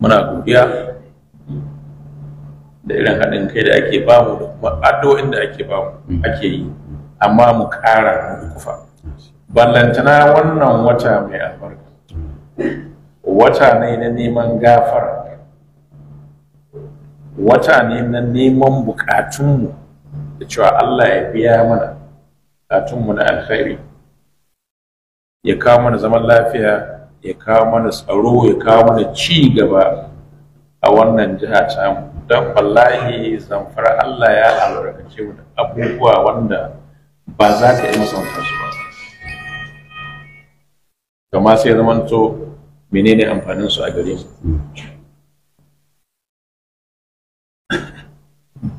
muna godiya da irin haɗin kai da ake bamu da kuma addu'o'in da ake bamu mm. ake yi amma mu ƙara mu kufa ballantana wannan wata mai albarka wata ne na neman gafara wata ne na neman bukatunmu da cewa Allah ya biya mana bukatunmu na alkhairi ya kawo mana zaman lafiya ya kawo mana tsaro ya kawo mana ci gaba a wannan jiha ta don wallahi zamfara Allah ya albarkace mu da abubuwa wanda ba za ka yi masanta ba kama sai zamanto menene amfanin su a gare mu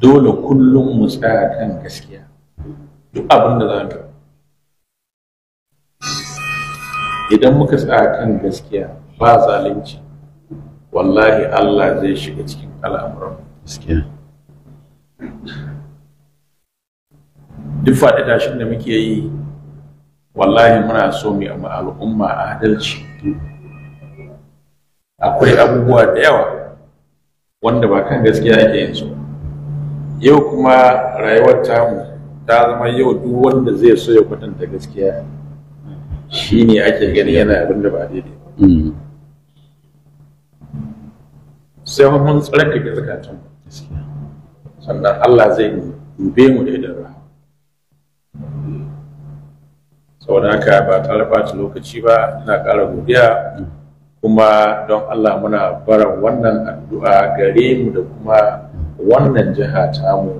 dole kullum mu tsaya kan gaskiya duk abin da za mu idan muka tsaya kan gaskiya ba zalunci wallahi Allah zai shiga cikin al'amuran gaskiya duk faɗi tashin da muke yi wallahi muna so mu yi al'umma adalci akwai abubuwa da yawa wanda ba kan gaskiya ake yin su yau kuma rayuwar tamu ta zama yau duk wanda zai so ya kwatanta gaskiya shi ne ake gani yana abin da ba daidai ba hmm. sai mun tsarkake zakatun sannan Allah zai dube mu da idan rahama saboda haka ba tare ɓata lokaci ba ina ƙara godiya hmm. kuma don Allah muna bara wannan addu'a gare mu da kuma hmm. wannan jiha tamu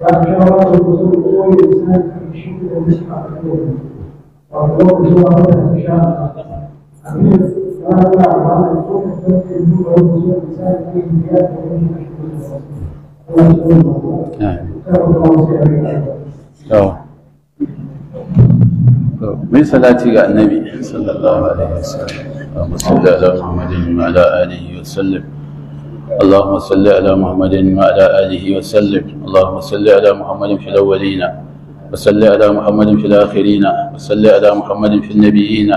فأشارات الفصول الإنسان في شيء المسحة الأولى وأخلاق سورة الإشارة أمير كما يدعى عن الكون الذي يجوز فصول الإنسان فيه بيات ويجب أن يكون نعم من صلاتي على النبي صلى الله عليه وسلم وصلى صل على محمد وعلى اله وسلم اللهم صل على محمد وعلى آله وسلم اللهم صل على محمد في الأولين وصل على محمد في الآخرين وصل على محمد في النبيين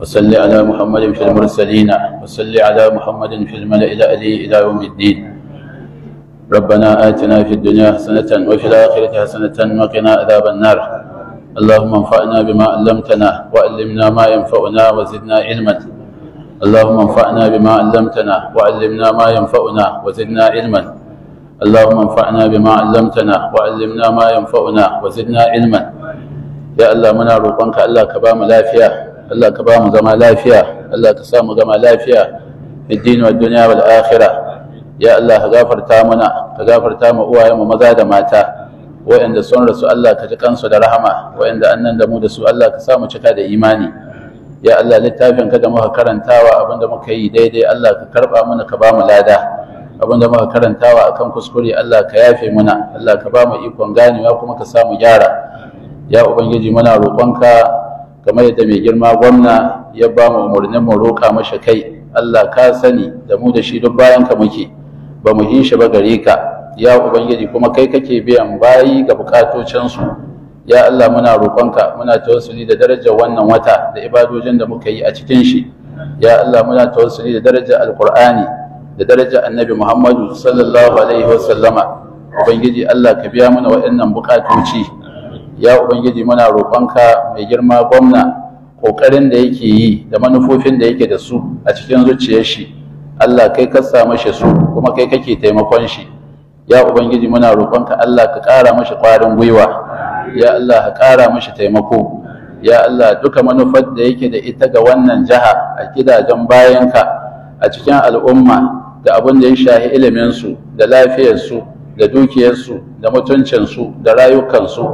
وصل على محمد في المرسلين وصل على محمد في الملأ الأعلى إلى يوم الدين ربنا آتنا في الدنيا حسنة وفي الآخرة حسنة وقنا عذاب النار اللهم انفعنا بما علمتنا وعلمنا ما ينفعنا وزدنا علما اللهم انفعنا بما علمتنا وعلمنا ما ينفعنا وزدنا علما اللهم انفعنا بما علمتنا وعلمنا ما ينفعنا وزدنا علما يا الله منا روقنك الله كبام لافيا الله كبام زما لافيا الله كسام زما لافيا الدين والدنيا والآخرة يا الله غافر تامنا غافر تام uwaye mu maza da mata wa'anda sun rasu Allah ka ji kansu da rahama wa'anda annan da mu da su Allah ka samu cika da imani ya Allah littafin ka da muka karantawa abinda muka yi daidai Allah ka karba mana ka ba mu lada abinda muka karantawa akan kuskure Allah ka yafe mana Allah ka ba mu ikon ganewa kuma ka samu gyara ya ubangiji muna roƙonka kamar yadda mai girma gwamna ya ba mu umarnin mu roƙa masa kai Allah ka sani da mu da shi duk bayan ka muke ba mu yi shi ba gare ka ya ubangiji kuma kai kake biyan bayi ga bukatocinsu ya Allah muna roƙonka muna tawassuli da darajar wannan wata da ibadojin da muka yi a cikin shi ya Allah muna tawassuli da darajar alqur'ani da darajar annabi Muhammadu sallallahu alaihi wasallama ubangiji Allah ka biya mana waɗannan buƙatoci ya ubangiji muna roƙonka mai girma gwamna ƙoƙarin da yake yi da manufofin da yake da su a cikin zuciyar shi Allah kai ka sa mashi su kuma kai kake taimakon shi ya ubangiji muna roƙonka Allah ka ƙara mashi ƙwarin gwiwa ya Allah ƙara mashi taimako ya Allah duka manufar da yake da ita ga wannan jaha a gidajen bayanka a cikin al'umma da abin da ya shahi iliminsu da lafiyarsu da dukiyarsu da mutuncinsu da rayukansu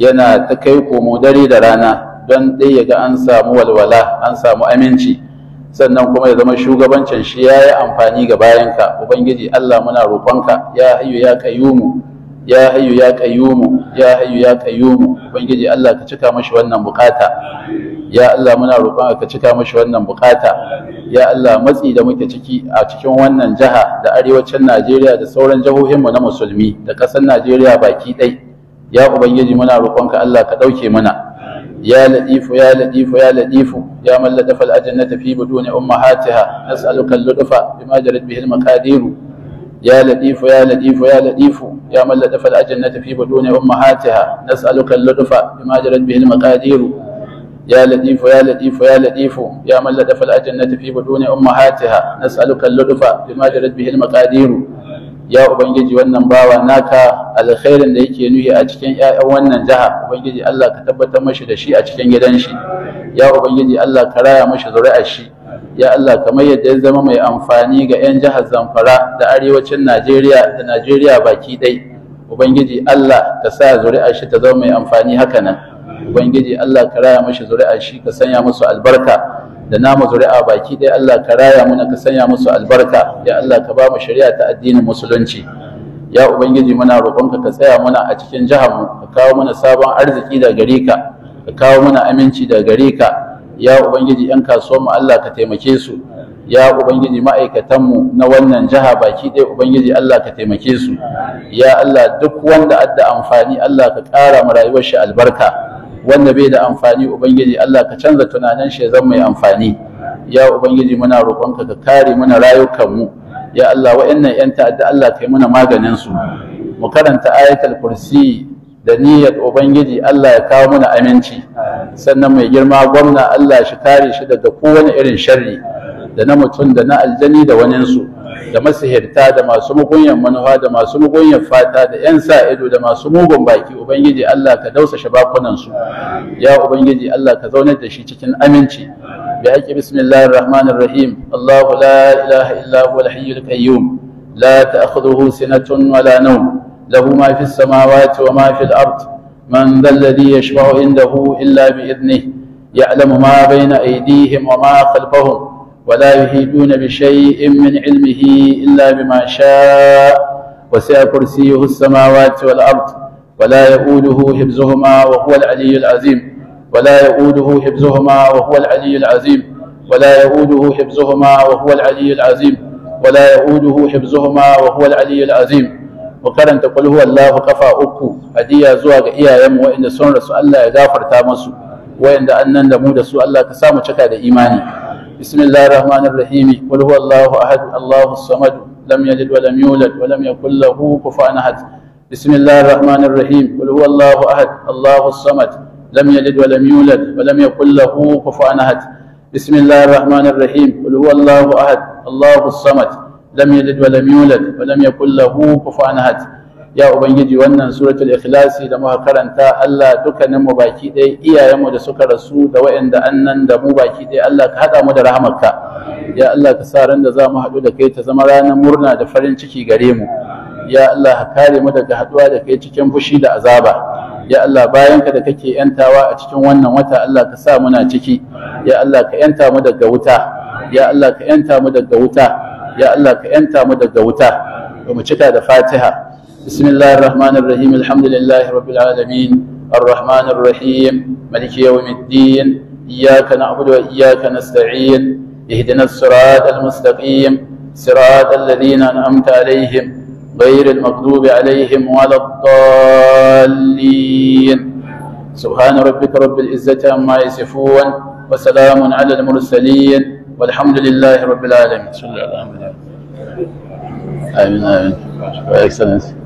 yana ta kai komo dare da rana don ɗaya ga an samu walwala an samu aminci sannan kuma ya zama shugabancin shi ya yi amfani ga bayanka ubangiji Allah muna roƙonka ya hayyu ya kayyumu ya hayyu ya kayyumu ya hayyu ya qayyumu ubangiji Allah ka cika mashi wannan bukata ya Allah muna roƙon ka cika mashi wannan bukata ya Allah matsi da muke ciki a cikin wannan jaha da arewacin Najeriya da sauran jihohinmu na musulmi da ƙasar Najeriya baki ɗai ya ubangiji muna roƙon ka Allah ka ɗauke mana Ya يا لطيف يا لطيف يا لطيف يا من لطف الأجنة في بدون أمهاتها نسألك اللطف بما جرت به المقادير يا لطيف يا لطيف يا لطيف يا من لطف الأجنة في بدون أمهاتها نسألك اللطف بما جرت به المقادير يا لطيف يا لطيف يا لطيف يا من لطف الأجنة في بدون أمهاتها نسألك اللطف بما جرت به المقادير ya ubangiji wannan bawa naka alkhairin da yake nuyi a cikin ƴaƴan wannan jaha ubangiji Allah ka tabbatar mashi da shi a cikin gidan shi ya ubangiji Allah ka raya mashi zuri'ar shi ya Allah kamar yadda ya zama mai amfani ga 'yan jihar Zamfara da arewacin Najeriya da Najeriya baki ɗai Ubangiji Allah ka sa zuri'ar shi ta zama mai amfani haka nan Ubangiji Allah ka raya mashi zuri'ar shi ka sanya musu albarka da namu zuri'a baki ɗaya Allah ka raya muna ka sanya musu albarka ya Allah ka ba mu shari'a ta addinin musulunci ya ubangiji muna roƙonka ka tsaya muna a cikin jihar mu ka kawo muna sabon arziki da gare ka ka kawo muna aminci da gare ka ya ubangiji yan kasuwanmu Allah ka taimake su ya ubangiji ma'aikatanmu na wannan jiha baki ɗaya ubangiji Allah ka taimake su ya Allah duk wanda adda amfani Allah ka ƙara mu rayuwar shi albarka wanda bai da amfani ubangiji Allah ka canza tunanin shi zan mai amfani ya ubangiji muna roƙonka ka kare muna rayukanmu ya Allah wa'annan yan ta'adda Allah kai muna maganin su mu karanta ayatul kursi da niyyar ubangiji Allah ya kawo mana aminci sannan mai girma gwamna Allah shi kare shi daga kowane irin sharri da na mutum da na aljani da waninsu da masihirta da masu mugunyan manufa da masu mugunyan fata da 'yan sa ido da masu mugun baki ubangiji Allah ka dausa shabakunansu ya ubangiji Allah ka zaunar da shi cikin aminci bi haƙi bismillahir rahmanir rahim Allahu la ilaha illa huwal hayyul qayyum la ta'khudhuhu sinatun wala nawm له ما في السماوات وما في الأرض من ذا الذي يشفع عنده إلا بإذنه يعلم ما بين أيديهم وما خلفهم ولا يهيدون بشيء من علمه إلا بما شاء وسع كرسيه السماوات والأرض ولا يؤوده حفظهما وهو العلي العظيم ولا يؤوده حفظهما وهو العلي العظيم ولا يؤوده حفظهما وهو العلي العظيم ولا يؤوده حفظهما وهو العلي العظيم mu karanta qul huwallahu kafa uku hadiya zuwa ga iyayenmu waɗanda sun rasu Allah ya gafarta musu waɗanda annan da mu da su Allah ka samu cika da imani bismillahir rahmanir rahim qul huwallahu ahad allahus samad lam yalid wa lam yulad wa lam yakul lahu kufuwan ahad bismillahir rahmanir rahim qul huwallahu ahad allahus samad lam yalid wa lam yulad wa lam yakul lahu kufuwan ahad بسم الله الرحمن الرحيم قل هو الله أحد الله الصمد lam yalid wa lam yulad wa lam yakul lahu kufuwan ahad ya ubangiji wannan suratul ikhlasi da muka karanta Allah dukkanin mu baki ɗaya iyayenmu da suka rasu da waɗanda annan da mu baki ɗaya Allah ka haɗa mu da rahamarka ya Allah ka sa ran da za mu haɗu da kai ta zama ranar murna da farin ciki gare mu ya Allah ka kare mu daga haɗuwa da kai cikin fushi da azaba ya Allah bayanka da kake yantawa a cikin wannan wata Allah ka sa muna ciki ya Allah ka yanta mu daga wuta ya Allah ka yanta mu daga wuta يا الله كأنت مدد الدوتا ومشتا دفاتها بسم الله الرحمن الرحيم الحمد لله رب العالمين الرحمن الرحيم ملك يوم الدين إياك نعبد وإياك نستعين اهدنا الصراط المستقيم صراط الذين أنعمت عليهم غير المغضوب عليهم ولا الضالين سبحان ربك رب العزة عما يصفون وسلام على المرسلين والحمد لله رب العالمين صلى الله عليه وسلم آمين آمين